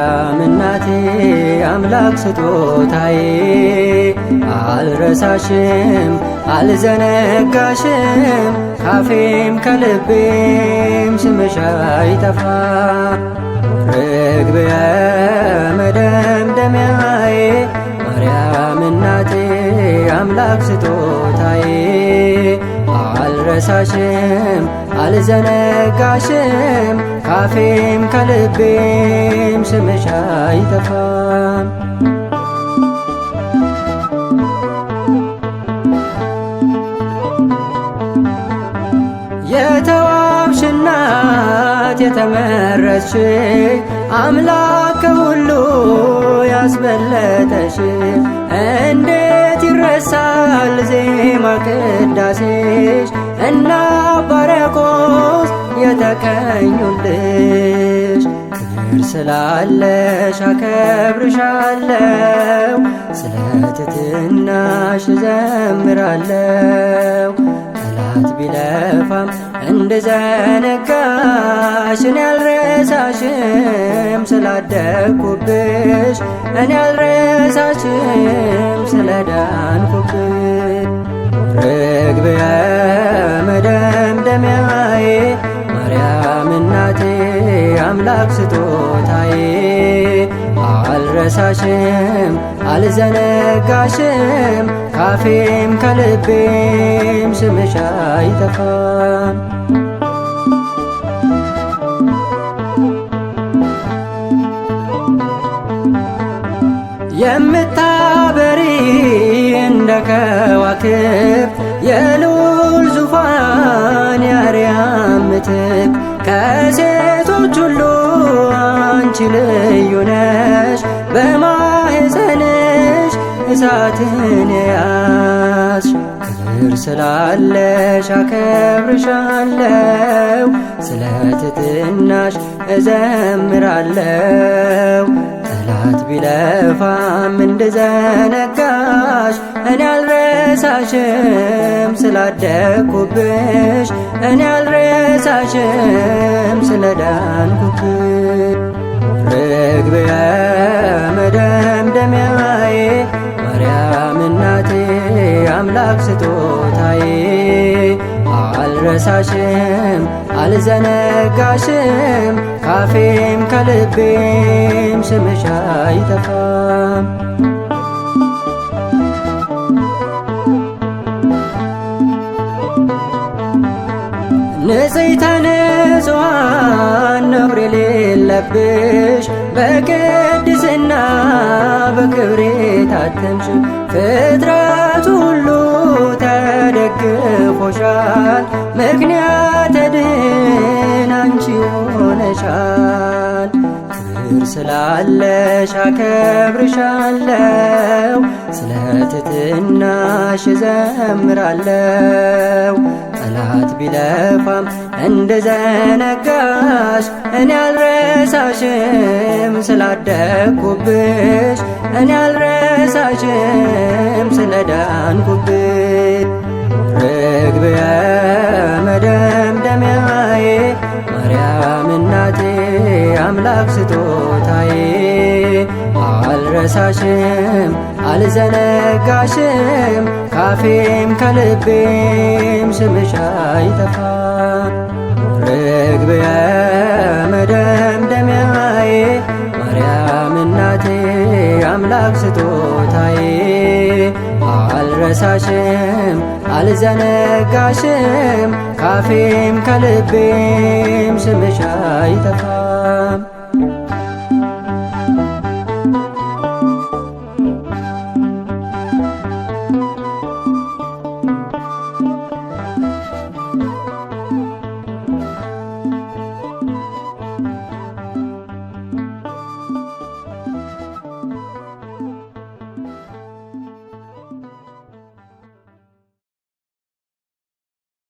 ማርያም እናቴ አምላክ ስጦታዬ አልረሳሽም አልዘነጋሽም ካፌም ከልቤም ስምሽ አይጠፋ ርግብየ መደምደሚያዬ ማርያም እናቴ አምላክ ስጦታዬ አልረሳሽም አልዘነጋሽም ካፌም ከልቤም ስምሽ አይጠፋም። የተዋብሽናት እናት የተመረጥሽ አምላክ ከሁሉ ያስበለጠሽ እንዴት ይረሳል ዜማ ቅዳሴሽ እና ባርያቆስ የተቀኙልሽ ክብር ስላለሽ አከብርሻለው፣ ስለ ትትናሽ ዘምራለው። ጠላት ቢለፋም እንድዘነጋሽ እኔ አልረሳሽም ስላደግኩብሽ እኔ አልረሳሽም ስለዳንኩብሽ ርግብ አምላክ ስጦታዬ አልረሳሽም አልዘነጋሽም ካፌም ከልቤም ስምሽ አይጠፋም። የምታበሪ እንደ ከዋክብት የልዑል ዙፋን የአርያም ምትክ ከሴቶች ሁሉ ልዩ ነሽ በማሕፀንሽ እሳትን ያዝሽ ክብር ስላለሽ አከብርሻለው ስለ ትትናሽ እዘምራለው ጠላት ቢለፋም እንድዘነጋሽ እኔ አልረሳሽም ስላደኩብሽ እኔ አልረሳሽም ስለዳንኩብሽ እግብየ መደምደሚያዬ ማርያም እናቴ አምላክ ስጦታዬ አልረሳሽም አልዘነጋሽም ካፌም ከልቤም ስምሽ አይጠፋም። ንጽሕተ ንጹሓን ነውር የሌለብሽ በቅድስና በክብሬ ታተምሽ። ፍጥረት ሁሉ ተደግፎሻል፣ ምክንያተ ድን አንቺ ሆነሻል። ክብር ስላለሽ አከብርሻለው፣ ስለ ዘምራለው። እዘምራለው ጠላት ቢለፋም እንደዘነጋሽ እኔ አልረሳሽም ስላደግኩብሽ እኔ አልረሳሽም ስለዳንኩብሽ አልረሳሽም አልዘነጋሽም ካፌም ከልቤም ስምሽ አይጠፋ ርግብየ መደምደሚያዬ ማርያም እናቴ አምላክ ስጦታዬ አልረሳሽም አልዘነጋሽም ካፌም ከልቤም ስምሽ አይጠፋም